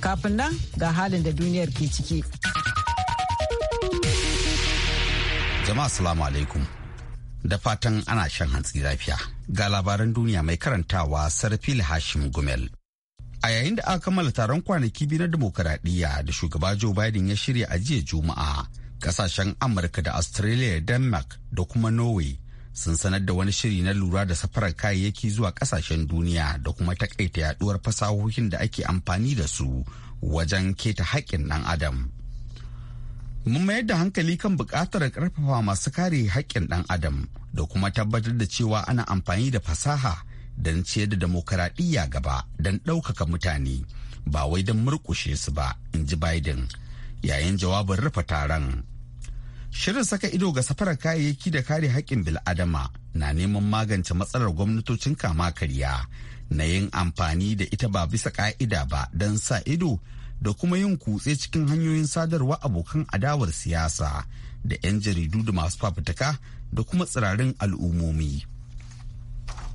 Kafin nan ga halin da duniyar ke ciki. Jama'a salamu alaikum. Da fatan ana shan hantsi lafiya. Ga labaran duniya mai karantawa Sarfil Hashim Gumel. A yayin da aka kammala taron kwanaki biyu na demokaradiyya da shugaba Joe Biden ya shirya a jiya Juma'a, kasashen Amurka da Australia da Denmark da kuma Norway sun sanar da wani shiri na lura da safarar kayayyaki zuwa kasashen duniya da kuma takaita yaduwar fasahohin da ake amfani da su wajen keta haƙƙin ɗan adam mun mayar da hankali kan buƙatar ƙarfafa masu kare haƙƙin ɗan adam da kuma tabbatar da cewa ana amfani da fasaha don ciyar da demokaradiyya gaba don ɗaukaka mutane ba wai don murƙushe su ba in ji biden yayin jawabin rufe taron Shirin saka ido ga safarar kayayyaki da kare haƙƙin bil'adama na neman magance matsalar gwamnatocin kama karya na yin amfani da ita ba bisa ƙa'ida ba don sa ido da kuma yin kutse cikin hanyoyin sadarwa abokan adawar siyasa da 'yan jaridu da masu fafutuka da kuma tsirarin al'ummomi.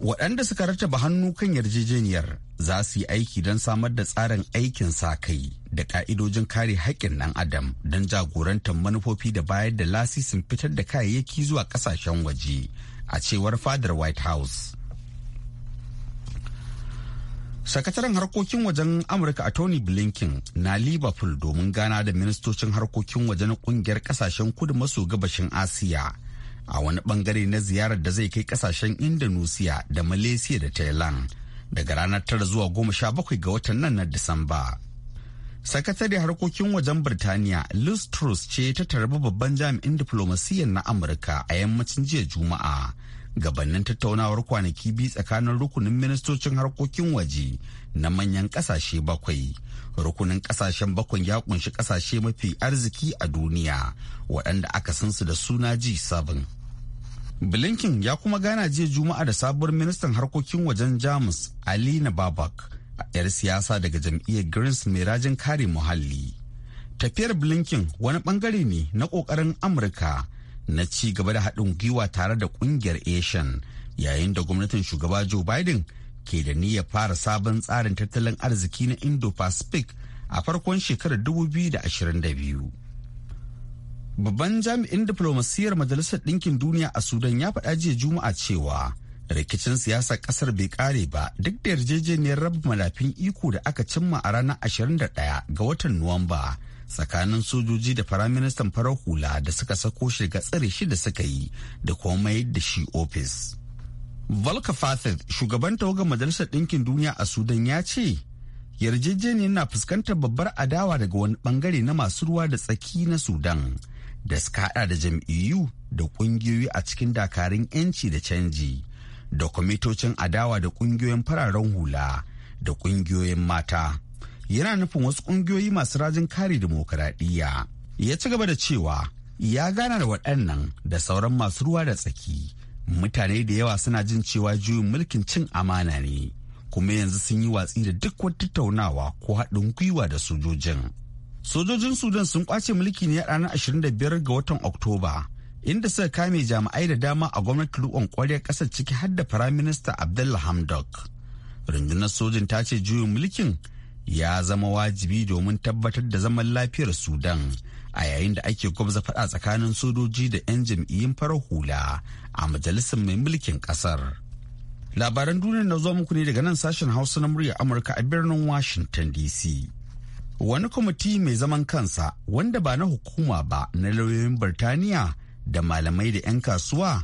Waɗanda suka rattaba hannu kan yarjejeniyar za su yi aiki don samar da tsarin aikin sa kai da ka'idojin kare haƙƙin ɗan adam don jagorantar manufofi da bayar da lasisin fitar da kayayyaki zuwa ƙasashen waje a cewar fadar white house sakataren harkokin wajen amurka a tony blinken na liverpool domin gana da ministocin harkokin wajen kungiyar kasashen kudu maso gabashin asiya a wani bangare na ziyarar da zai kai kasashen indonesia da malaysia da thailand daga ranar tara zuwa goma sha bakwai ga watan nan na Disamba. Sakatare harkokin wajen Birtaniya Liz Truss ce ta tarbi babban jami'in diplomasiyyar na Amurka a yammacin jiya Juma'a. Gabannin tattaunawar kwanaki biyu tsakanin rukunin ministocin harkokin waje na manyan kasashe bakwai. Rukunin kasashen bakwai ya kunshi kasashe mafi arziki a duniya waɗanda aka san su da suna G7. Blinken ya kuma gana jiya Juma'a da sabuwar ministan harkokin wajen Jamus Alina Babak, a yar siyasa daga jam'iyyar Greens mai rajin kare muhalli. Tafiyar Blinken wani bangare ne na kokarin Amurka na ci gaba da haɗin gwiwa tare da kungiyar Asian yayin da gwamnatin shugaba Joe Biden ke da niyyar fara sabon tsarin tattalin arziki na Indo-Pacific a farkon shekarar 2022. Babban jami'in diflomasiyyar Majalisar Ɗinkin Duniya a Sudan ya faɗa jiya Juma'a cewa rikicin siyasar ƙasar bai ƙare ba duk da yarjejeniyar raba malafin iko da aka cimma a ranar 21 ga watan Nuwamba tsakanin sojoji da firaministan farar hula da suka sako shi shiga tsare shi da suka yi da kuma mayar da shi ofis. Volker Fathid, shugaban tawagar Majalisar Ɗinkin Duniya a Sudan ya ce, yarjejeniyar na fuskantar babbar adawa daga wani bangare na masu ruwa da tsaki na Sudan. da suka hada da jam'iyyu da kungiyoyi a cikin dakarun 'yanci da canji da kwamitocin adawa da kungiyoyin fararen hula da kungiyoyin mata yana nufin wasu kungiyoyi masu rajin kare dimokuraɗiyya ya ci gaba da cewa ya gana da waɗannan da sauran masu ruwa da tsaki mutane da yawa suna jin cewa juyin mulkin cin amana ne kuma yanzu sun yi watsi da duk wata tattaunawa ko haɗin gwiwa da sojojin Sojojin Sudan sun kwace mulki ne a ranar 25 ga watan Oktoba, inda suka kame jami'ai da dama a gwamnati riƙon kwarya ƙasar ciki har da Firaminista Abdullah Hamdok. Rundunar sojin ta ce juyin mulkin ya zama wajibi domin tabbatar da zaman lafiyar Sudan a yayin da ake gwabza faɗa tsakanin sojoji da 'yan jam'iyyun farar hula a majalisar mai mulkin ƙasar. Labaran duniya na zuwa muku ne daga nan sashen Hausa na murya Amurka a birnin Washington DC. wani kwamiti mai zaman kansa wanda ba na hukuma ba na lauyoyin Birtaniya da malamai da 'yan kasuwa.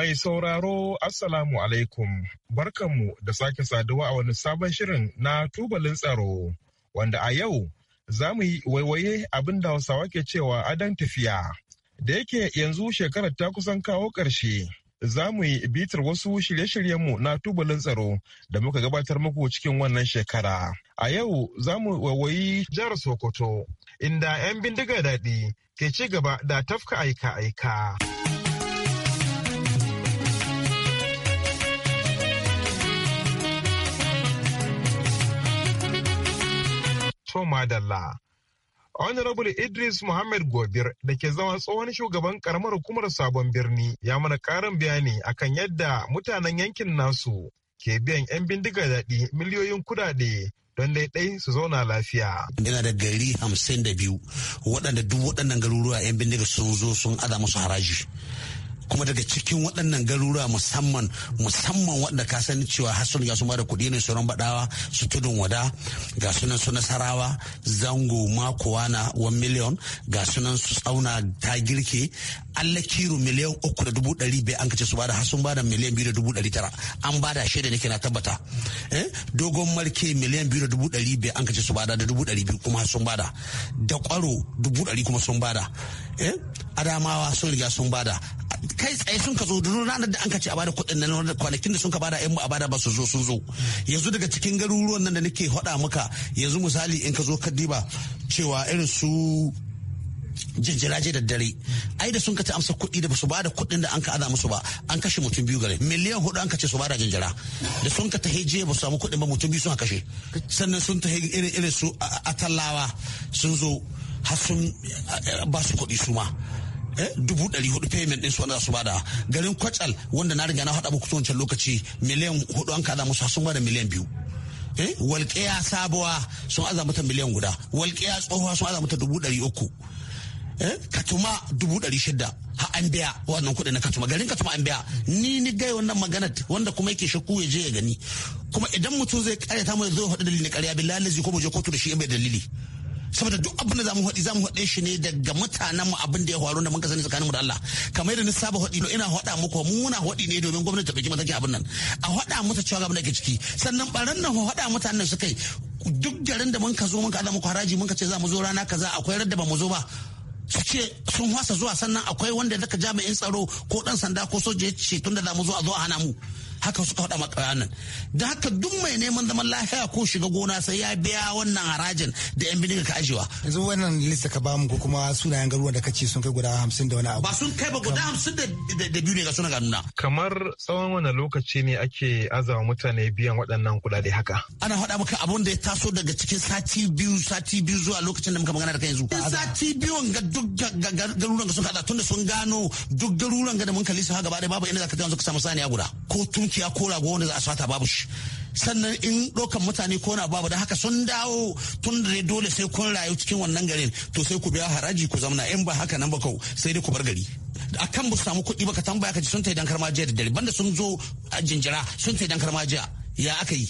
Mai sauraro Assalamu alaikum barkanmu da sake saduwa a wani sabon shirin na tubalin tsaro wanda a yau za mu yi waiwaye abin da Hausawa ke cewa adon tafiya. Da yake yanzu shekarar ta kusan kawo ƙarshe. Za mu yi bitar wasu shirye-shiryenmu na tubalin tsaro da muka gabatar muku cikin wannan shekara. A yau za mu waiwayi jihar Sokoto, inda 'yan bindiga daɗi ke ci gaba da tafka aika-aika. to madalla. Honorable Idris Muhammad Gobir da ke zama tsohon shugaban karamar hukumar sabon birni ya mana karin bayani akan yadda mutanen yankin nasu ke biyan 'yan bindiga daɗi miliyoyin kudade don daidai su zauna lafiya. Yana da gari hamsin da biyu waɗanda duk waɗannan garuruwa 'yan bindiga sun zo sun ada musu haraji. kuma daga cikin waɗannan garuruwa musamman musamman waɗanda ka sani cewa har sun gasu da kuɗi ne sauran baɗawa su tudun wada ga sunan su nasarawa zango na 1 miliyon ga sunan su tsauna ta girke allah kiro miliyan uku da dubu ɗari bai an kace su bada har sun bada miliyan biyu da dubu ɗari tara an bada shaida nake na tabbata eh, dogon marke miliyan biyu da dubu ɗari bai an kace su bada da dubu ɗari biyu kuma sun bada da kwaro dubu ɗari kuma sun bada eh, adamawa sun riga sun bada kai tsaye sun ka zo duru ranar da an ka ce a bada kuɗin nan kwanakin da sun ka bada yan mu a bada ba su zo sun zo yanzu daga cikin garuruwan nan da nake faɗa maka yanzu misali in ka zo kadiba cewa irin su jinjiraje da dare ai da sun kace amsa kuɗi da basu bada kuɗin da an ka ada musu ba an kashe mutum biyu gare miliyan hudu an kace su bada jinjira da sun ka tahi heje ba su samu kuɗin ba mutum biyu sun kashe sannan sun tahi irin irin su a sun zo har sun ba su kuɗi su ma dubu ɗari hudu payment ɗin su wanda su bada garin kwacal wanda na riga na haɗa muku wancan lokaci miliyan hudu an kada musu sun bada miliyan biyu eh? walƙiya sabuwa sun aza mata miliyan guda walƙiya tsohuwa sun aza mata dubu ɗari uku eh? katuma dubu ɗari shida ha an biya wannan kuɗi na katuma garin katuma an biya ni ni gai wannan maganar wanda kuma yake shakku ya je ya gani kuma idan mutum zai ƙaryata mu ya zo ya faɗi dalilin ƙarya bi lalazi ko mu je kotu da shi bai dalili saboda duk abin da zamu haɗi zamu haɗe shi ne daga mutanen mu abin da ya faru da mun kasance tsakanin mu da Allah kamar yadda na saba haɗi ina haɗa muku mu muna haɗi ne domin gwamnati ta ɗauki matakin abin nan a haɗa mata cewa abin da ke ciki sannan baran nan haɗa mutanen su kai duk garin da mun ka zo mun ka ada muku haraji mun ka ce za mu zo rana kaza akwai radda ba mu zo ba su ce sun hwasa zuwa sannan akwai wanda daka jami'in tsaro ko dan sanda ko soja ya ce tun da za mu zo a zo a hana mu haka suka faɗa makayan nan da haka duk mai neman zaman lafiya ko shiga gona sai ya biya wannan harajin da yan bindiga ka ajewa yanzu wannan lista ka bamu ko kuma sunayen garuruwan da kace sun kai guda hamsin da wani abu ba sun kai ba guda hamsin da biyu ne ga suna nuna. kamar tsawon wani lokaci ne ake azawa mutane biyan waɗannan kuɗaɗe haka ana faɗa maka abun da ya taso daga cikin sati biyu sati biyu zuwa lokacin da muka magana da kai yanzu sati biyun ga duk garuruwan da sun kada da sun gano duk garuruwan ga da mun kalli su ha gaba ɗaya babu inda za ka samu saniya guda ko tun ya kora rago wanda za a sata babu shi sannan in ɗaukan mutane ko na babu da haka sun dawo tun da dole sai kun rayu cikin wannan garin to sai ku biya haraji ku zamana in ba haka nan ba kau sai dai ku bar gari a kan ba su samu kuɗi ba ka tambaya ka ji sun ta idan karma jiya da dare banda sun zo a jinjira sun ta idan karma jiya ya aka yi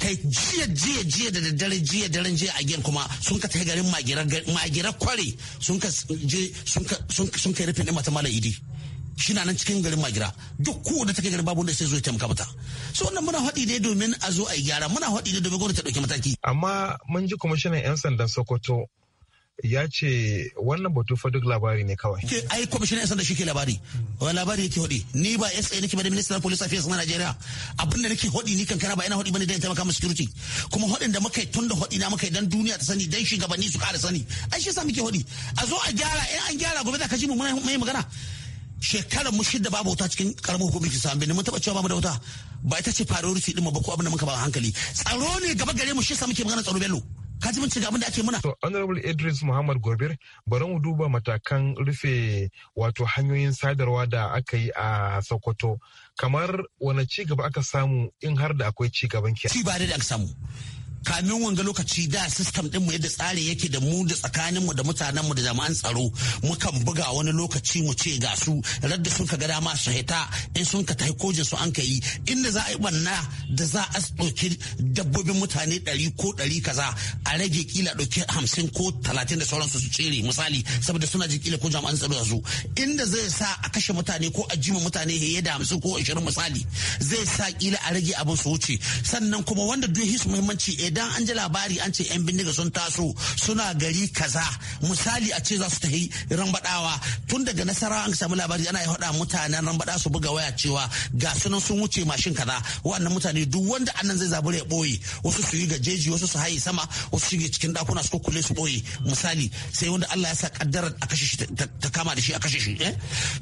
kai jiya jiya jiya da daddare jiya daren jiya a gen kuma sun ka tai garin magirar kware sun ka je sun ka rufin ɗin mata mala idi shi na nan cikin garin magira duk ko da take garin babu wanda sai zo ya taimaka mata so wannan muna faɗi ne domin a zo a yi gyara muna faɗi ne domin gwamnati ta ɗauki mataki amma mun ji kwamishinan yan sandan sokoto ya ce wannan batu fa duk labari ne kawai ke ai kwamishinan yan sanda shi ke labari wani labari yake hodi ni ba SA nake ba da ministan police affairs na Najeriya abin da nake hodi ni kankana ba ina hodi bane dan taimaka ma security kuma hodin da muka yi tun da hodi na muka yi dan duniya ta sani dan shugabanni su ƙara sani ai shi yasa muke hodi a zo a gyara in an gyara gobe ka ji mu mai magana shekarar mu shida babu wuta cikin karamar hukumar ki ne mun taba cewa babu da wuta ba ita ce priority din mu ba ko abin da muka ba hankali tsaro ne gaba gare mu shi sa muke magana tsaro bello kaji mun ci abin da ake muna to honorable Idris Muhammad Gobir bari mu duba matakan rufe wato hanyoyin sadarwa da aka yi a Sokoto kamar wani ci gaba aka samu in har da akwai ci gaban ki ci ba da aka samu kamin wanga lokaci da system mu yadda tsari yake da mu da tsakanin mu da mutanen mu da jami'an tsaro mukan buga wani lokaci mu ce ga su radda sun ka gada ma su hita in sun ka tai kojin su an ka yi inda za a yi banna da za a ɗauki dabbobin mutane ɗari ko ɗari kaza a rage kila ɗauki hamsin ko talatin da sauransu su cere misali saboda suna jin kila ko jami'an tsaro da su inda zai sa a kashe mutane ko a jima mutane heye da hamsin ko ashirin misali zai sa kila a rage abin su wuce sannan kuma wanda duk hisu muhimmanci eh, idan an ji labari an ce 'yan bindiga sun taso suna gari kaza misali a ce za su tafi rambadawa tun daga nasara an samu labari ana haɗa mutanen rambada su buga waya cewa ga sunan sun wuce mashin kaza wannan mutane duk wanda annan zai zabura ya ɓoye wasu su yi gajeji wasu su haye sama wasu shige cikin dakuna su kulle su ɓoye misali sai wanda Allah ya sa kaddarar a kashe shi ta kama da shi a kashe shi eh?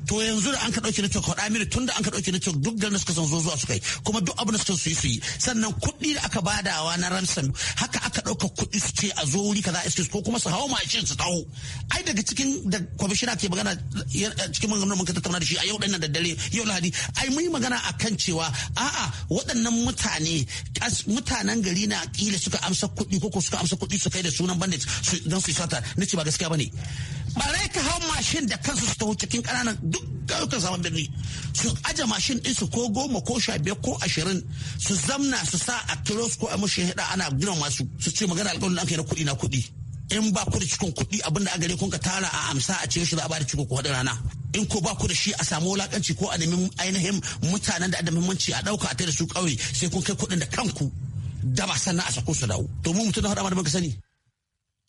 to yanzu da an ka ɗauki network faɗa mini tun da an ka ɗauki network duk garin suka san zo zuwa su kai kuma duk abin da suka su yi su yi sannan kuɗi da aka badawa na ransa sannu haka aka ɗauka kuɗi su ce a zo wuri kaza ko kuma su hau mashin su taho ai daga cikin da kwamishina ke magana cikin maganganun mun ka tattauna da shi a yau ɗan nan da dare yau lahadi ai mun magana akan cewa a'a waɗannan mutane mutanen gari na kila suka amsa kuɗi ko suka amsa kuɗi su kai da sunan bandit don su sata na ce ba gaskiya bane ba rai ka hau mashin da kansu su taho cikin ƙananan duk ka zaman birni su aje mashin ɗinsu ko goma ko sha biyar ko ashirin su zamna su sa a kilos ko a mushin hida ana a girma su ce magana alƙawarin da aka yi na kuɗi na kuɗi in ba ku da cikin kuɗi abin da agare kun ka tara a amsa a ce shi za a bada ciko ko haɗa rana in ko ba ku da shi a samu wulakanci ko a nemi ainihin mutanen da da muhimmanci a ɗauka a tare da su ƙauye sai kun kai kuɗin da kanku da ba sannan a sako su dawo to mu mutum na faɗa mana sani.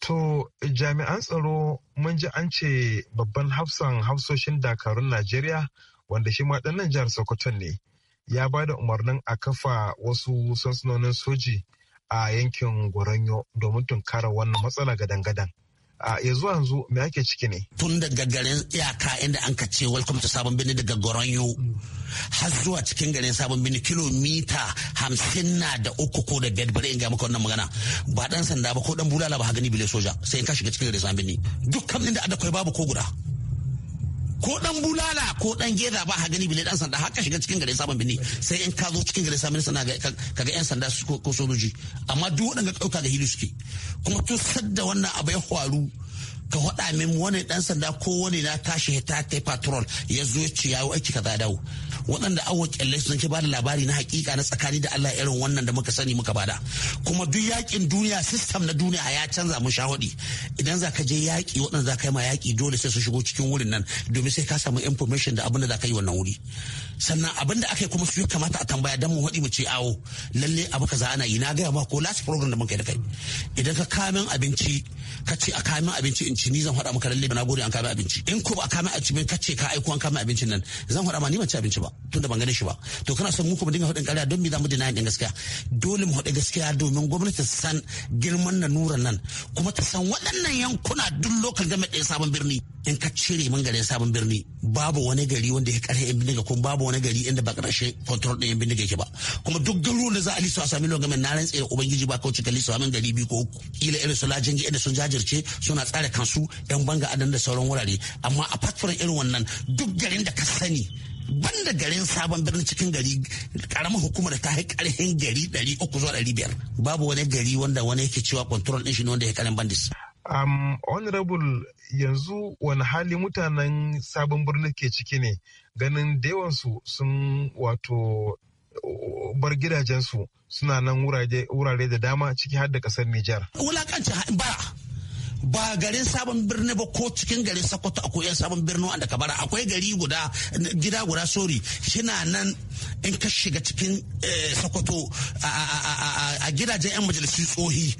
To jami'an tsaro mun ji an ce babban hafsan hafsoshin dakarun Najeriya wanda shi ma nan jihar Sokoto ne ya ba da umarnin a kafa wasu sansunonin soji a yankin Goranyo domin tunkara wannan matsala gadan-gadan. a ya zuwa yanzu me ake ciki ne tun daga garin iyaka inda an ka ce welcome to sabon birni daga goronyo har zuwa cikin garin sabon birni kilomita hamsin na da uku ko da biyar bari in ga maka wannan magana ba dan sanda ba ko dan bulala ba gani bile soja sai in ka shiga cikin garin sabon birni duk kamnin da adakwai babu ko guda ko dan bulala ko dan geza ba ha gani bile dan sanda haka shiga cikin gare sabon bini sai in ka zo cikin gare sabon sana ga kaga yan sanda ko sojoji amma duk ka ɗauka ga hili suke kuma to sadda wannan abai ya faru ka faɗa min wani dan sanda ko wani na tashi ta ta patrol ya zo yawo aiki kaza dawo waɗanda awa kyalle sun ke bada labari na hakika na tsakani da Allah irin wannan da muka sani muka bada kuma duk yakin duniya system na duniya ya canza mun sha idan za ka je yaki waɗanda za ka yi ma yaki dole sai su shigo cikin wurin nan domin sai ka samu information da abin da za ka yi wannan wuri sannan abin da aka yi kuma su kamata a tambaya dan mu haɗi mu ce awo lalle abu kaza ana yi na gaya ma ko last program da muka yi da kai idan ka kamin abinci ka ce a kamin abinci in ci ni zan faɗa maka lalle na gode an kamin abinci in ko ba a kamin abinci ka ce ka aiko an kamin abincin nan zan faɗa ma ni ban ci abinci ba tunda ban gane shi ba to kana son mu kuma dinga faɗin ƙarya don me za mu dina yin gaskiya dole mu faɗi gaskiya domin gwamnati ta san girman na nura nan kuma ta san waɗannan yankuna duk lokal game ɗaya sabon birni in ka cire mun garin sabon birni babu wani gari wanda ya ƙarfi yan bindiga kuma babu wani gari inda ba ƙarshe control ɗin yan bindiga yake ba kuma duk garuruwan da za a lisa a sami lokacin na rantse da ubangiji ba kawai cika lisa min gari biyu ko uku ila irin su lajin inda sun jajirce suna tsare kansu yan banga adan da sauran wurare amma a fatfuran irin wannan duk garin da ka sani banda garin sabon birnin cikin gari karamar hukumar ta yi ƙarfin gari 300 zuwa 500 babu wani gari wanda wani yake cewa control din shi ne wanda ya karin bandis um, honorable yanzu wani hali mutanen sabon birnin ke ciki ne ganin yawansu sun wato bar gidajensu suna nan wurare da dama ciki har da kasar Nijar. Wulakancin bara ba garin sabon birni ba ko cikin garin sokoto akwai yan sabon birni wanda ka bara akwai gari guda gida guda sori shina nan in ka shiga cikin eh, sokoto a gidajen yan majalisun tsohi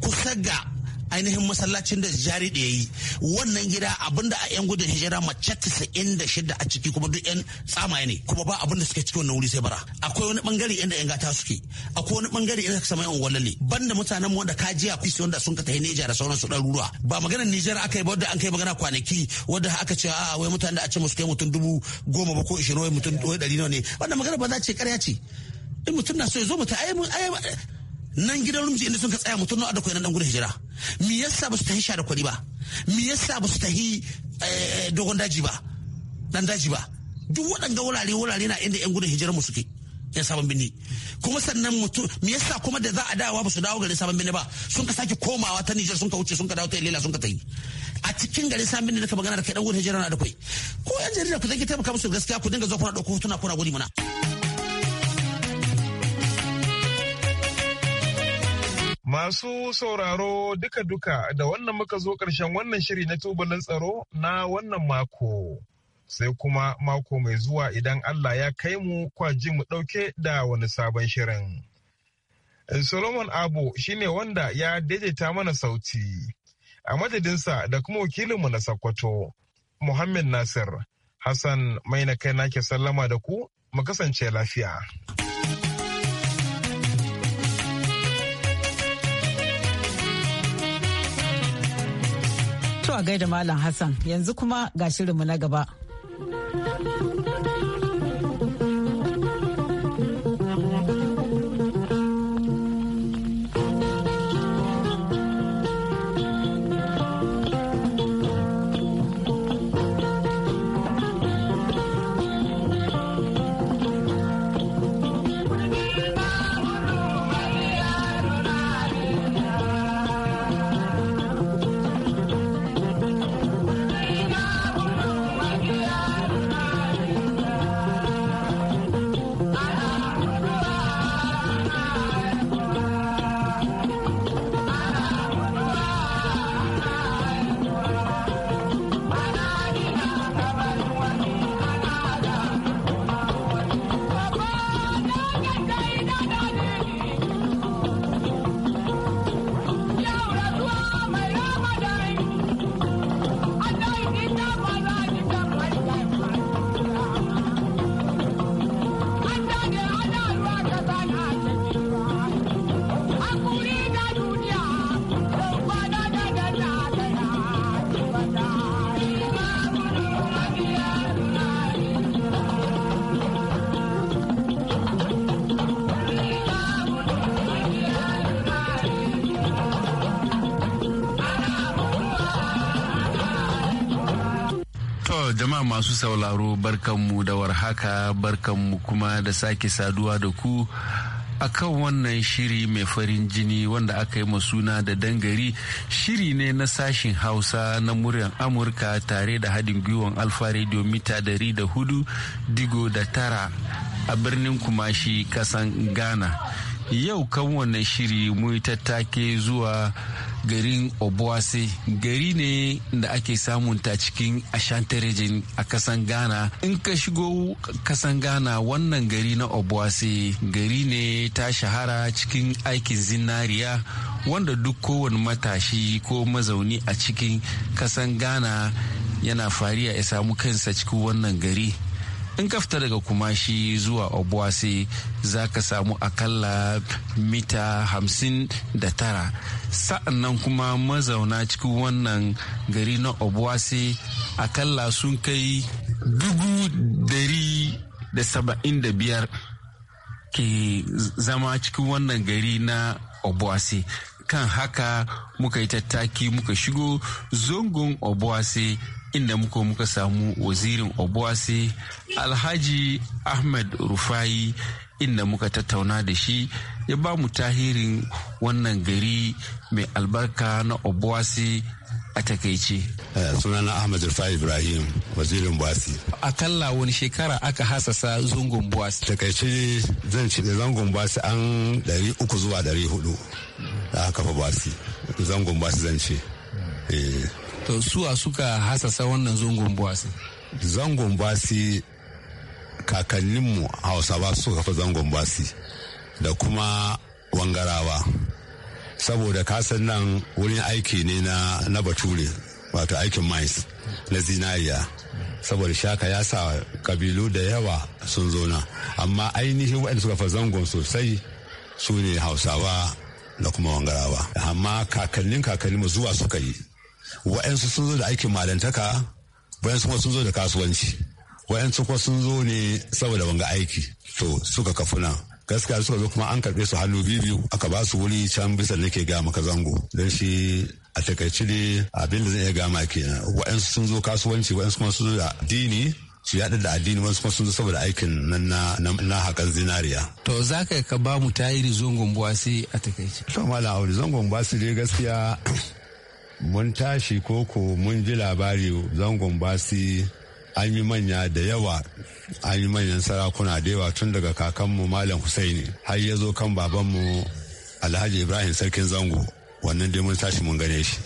kusa ga ainihin masallacin da jari da yayi wannan gida abinda a yan gudun hijira mace 96 a ciki kuma duk yan tsamaye ne kuma ba abinda suke ciki wannan wuri sai bara akwai wani bangare inda yan gata suke akwai wani bangare inda suka samu wallale banda mutanen mu wanda a kusi wanda sun ka tafi Niger da sauran su ɗaruruwa ba magana nijar aka yi ba wanda an kai magana kwanaki wanda aka ce a wai mutanen da a ce musu kai mutum dubu goma ba ko ishirin wai mutum ɗari nawa ne wannan magana ba za ce ƙarya ce in mutum na so ya zo mutum ai nan gidan rumji inda sun ka tsaya mutum na da nan na dan gudun hijira me yasa ba su tahi sha da kwari ba me yasa ba su tahi eh, dogon daji ba dan daji ba duk waɗanda wurare wurare na inda yan gudun hijira mu suke yan sabon birni kuma sannan mutum me yasa kuma da za a dawa ba su dawo garin sabon birni ba sun ka sake komawa ta Nijar sun ka wuce sun ka dawo ta Ilela sun ka tayi a cikin garin sabon birni da ka magana da kai dan gudun hijira na da kwai ko yan jarida ku zaki taimaka musu gaskiya ku dinga zuwa kuna dauko hotuna kuna gudu mana. Masu sauraro duka-duka da wannan muka zo ƙarshen wannan shiri na tubalin tsaro na wannan mako. Sai kuma mako mai zuwa idan Allah ya kai mu kwaji mu ɗauke da wani sabon shirin. Eh, Solomon Abo shine wanda ya daidaita mana sauti. A madadinsa da kuma wakilinmu na Sokoto, Muhammad Nasir, Hassan mai na kai nake sallama da ku, mu kasance lafiya. To a gaida Malam Hassan yanzu kuma ga shirinmu na gaba. sauraro barkanmu da warhaka barkanmu kuma da sake saduwa da ku a kan wannan shiri mai farin jini wanda aka yi suna da dangari shiri ne na sashin hausa na muryar amurka tare da haɗin gwiwan alfa radio mita dari da hudu digo da tara a birnin kumashi kasan ghana yau kan wannan shiri mu tattake zuwa garin obuasi gari ne da ake samun ta cikin ashanti region a kasan ghana in ka shigo kasan ghana wannan gari na obuasi gari ne ta shahara cikin aikin zinariya wanda duk kowane matashi ko mazauni a cikin kasan ghana yana fariya ya samu kansa cikin wannan gari in ka fita daga kumashi zuwa obuasi za ka samu akalla mita hamsin da tara sa'annan kuma mazauna cikin wannan gari na obuasi akalla sun kai dubu dari da saba'in da biyar ke zama cikin wannan gari na obuasi kan haka muka yi tattaki muka shigo zongon obuasi inda muka muka samu wazirin obuasi alhaji ahmed rufai inda muka tattauna da shi ya ba mu tahirin wannan gari mai albarka na obuasi a takaice. Eh, sunana ahmed rufai ibrahim wazirin buwasi akalla wani shekara aka hasasa zungun buwasi takaice zan ce zangon buwasi an uku zuwa 400 da aka kafa buwasi zangon buwasi zan ce eh. to suwa suka hasasa wannan zangon buwasi zangon basi kakanninmu hausawa suka kafa zangon basi da kuma wangarawa saboda kasan nan wurin aiki ne na, na bature wato aikin mais na zinariya saboda shaka ya sa kabilu da yawa sun zona amma ainihin waɗanda suka fa zangon sosai su ne hausawa da kuma wangarawa amma kakannin kakanninmu zuwa suka yi wa'yansu sun zo da aikin malantaka wa'yansu kuma sun zo da kasuwanci wa'yansu kuma sun zo ne saboda wanga aiki to suka kafu nan gaskiya suka zo kuma an karɓe su hannu biyu aka ba su wuri can bisa nake gaya maka zango don shi a takaici ne abin da zan iya gama kenan wa'yansu sun zo kasuwanci wa'yansu kuma sun zo da addini su yaɗa da addini wasu kuma sun zo saboda aikin nan na hakan zinariya. To za ka ka ba mu tayiri zongon buwasi a takaici. To mala aure zongon buwasi dai gaskiya mun tashi koko mun ji labari zangon basi an yi manya da yawa an yi manyan sarakuna da yawa tun daga kakanmu malam husaini har ya zo kan babanmu alhaji ibrahim sarkin zango wannan dai mun tashi mun gane shi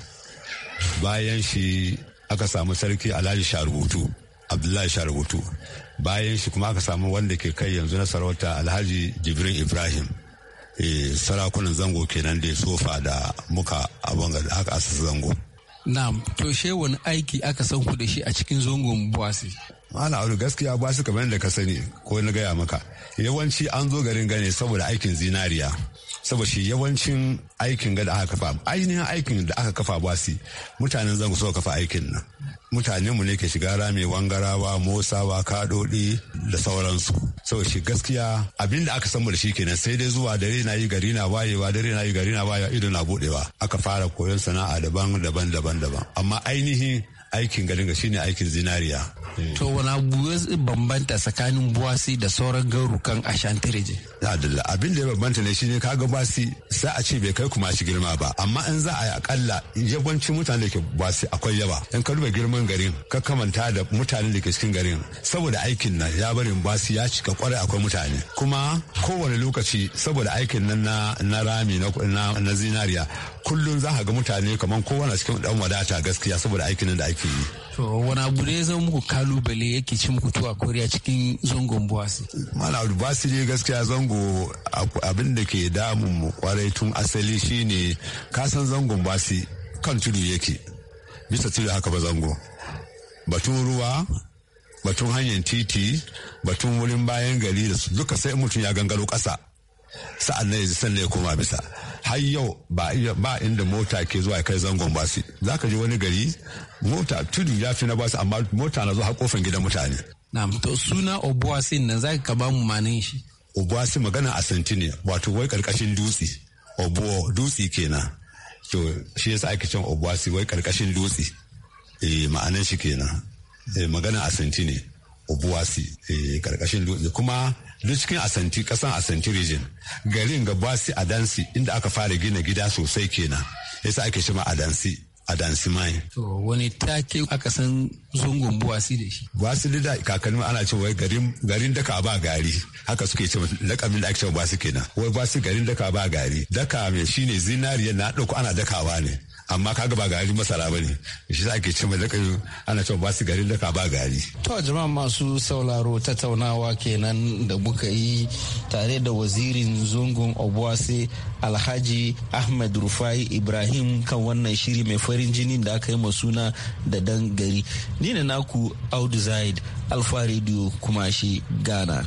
bayan shi aka samu sarki alhaji sharubutu abdullahi sharubutu bayan shi kuma aka samu wanda ke kai yanzu na sarauta alhaji jibrin ibrahim Eh, sarakunan zango kenan da sofa da muka abin da aka asa zango. Na to she wani aiki aka san ku da shi a cikin zangon buwasi. Mana abu gaskiya buwasi kamar da ka sani ko na gaya maka yawanci an zo garin gane saboda aikin zinariya. saboda shi yawancin aikin da aka kafa ainihin aikin da aka kafa basi mutanen zango suka kafa aikin nan mutanen mu ne ke shiga rami wangarawa motsawa kadodi da sauransu saboda shi gaskiya abin da aka san da shi kenan sai dai zuwa dare na yi gari na wayewa dare na yi gari na wayewa ido na budewa aka fara koyon sana'a daban daban daban daban amma ainihin aikin garin shine aikin zinariya eh. to wani abu bambanta tsakanin buwasi da sauran garukan ashantireje adalla abin da ya bambanta ne shine kaga buwasi sai a ce bai kai kuma shi girma ba amma in za a yi akalla yawancin mutane da ke buwasi akwai yawa in ka duba girman garin ka kamanta da mutanen da ke cikin garin saboda aikin nan ya barin buwasi ya cika kwarai akwai mutane kuma kowane lokaci saboda aikin nan na na rami na zinariya kullum za ka ga mutane kamar kowane cikin dan wadata gaskiya saboda aikin nan da ake ake yi. To wani abu ne zan muku kalubale yake ci muku tuwa koriya cikin zangon buwasi. Mana buwasi ne gaskiya zango abin da ke damun mu kwarai tun asali shine kasan zangon buwasi kan tudu yake. Bisa tudu haka ba zango. Batun ruwa batun hanyar titi batun wurin bayan gari da su duka sai mutum ya gangaro ƙasa sa'an nan ya ji sannan ya koma bisa har yau ba inda mota ke zuwa kai zangon su za ka ji wani gari mota tudu ya fi na su amma mota na zuwa har kofin gidan mutane na to suna obuasi nan za ka ba mu manin shi obuasi magana a ne wato wai karkashin dutse obuo dutse kenan to shi yasa ake can obuasi wai karkashin dutse eh ma'anan shi kenan eh, magana a ne obuasi eh, karkashin dutse kuma duk cikin asanti kasan asanti region garin ga basi adansi inda aka fara gina gida sosai kenan yasa ake shima adansi adansi mai. to wani take aka san zungun buwasi da shi buwasi da kakanni ana cewa garin garin daka ba gari haka suke cewa lakamin da ake cewa buwasi kenan wai buwasi garin daka ba gari daka mai shine zinariya na dauko ana dakawa ne amma kaga ba gari masara ba ne shi za ke ce mai yi ana cewa ba su gari daga ba gari. to jama'a masu sauraro tattaunawa kenan da muka yi tare da wazirin zungun obuase alhaji ahmed rufai ibrahim kan wannan shiri mai farin jini da aka yi ma suna da dan gari ni ne naku audu zaid alfa radio kuma shi ghana.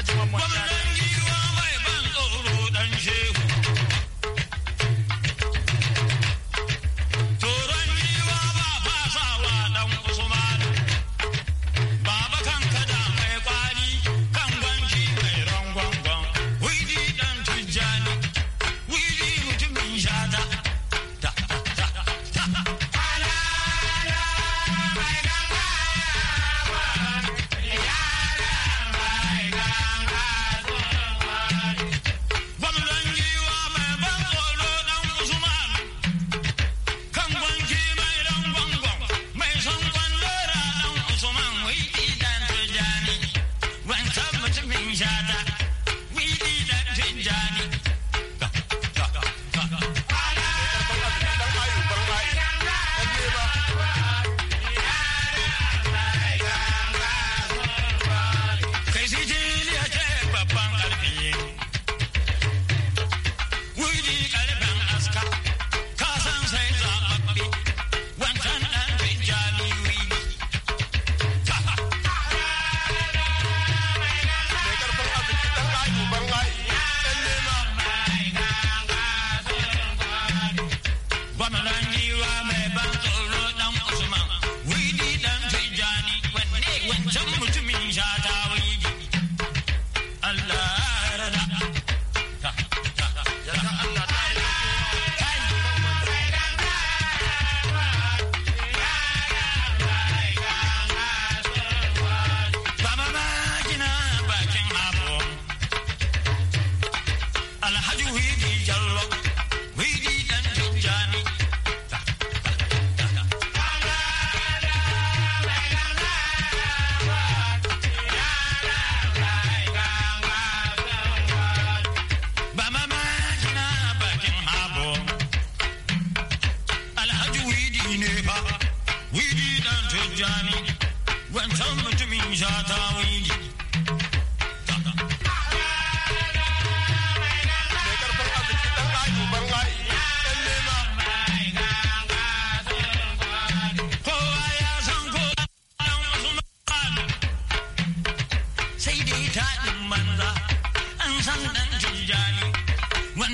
alhaji mamman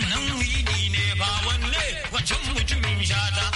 wannan wili ne ba wanne wancan mutumin shata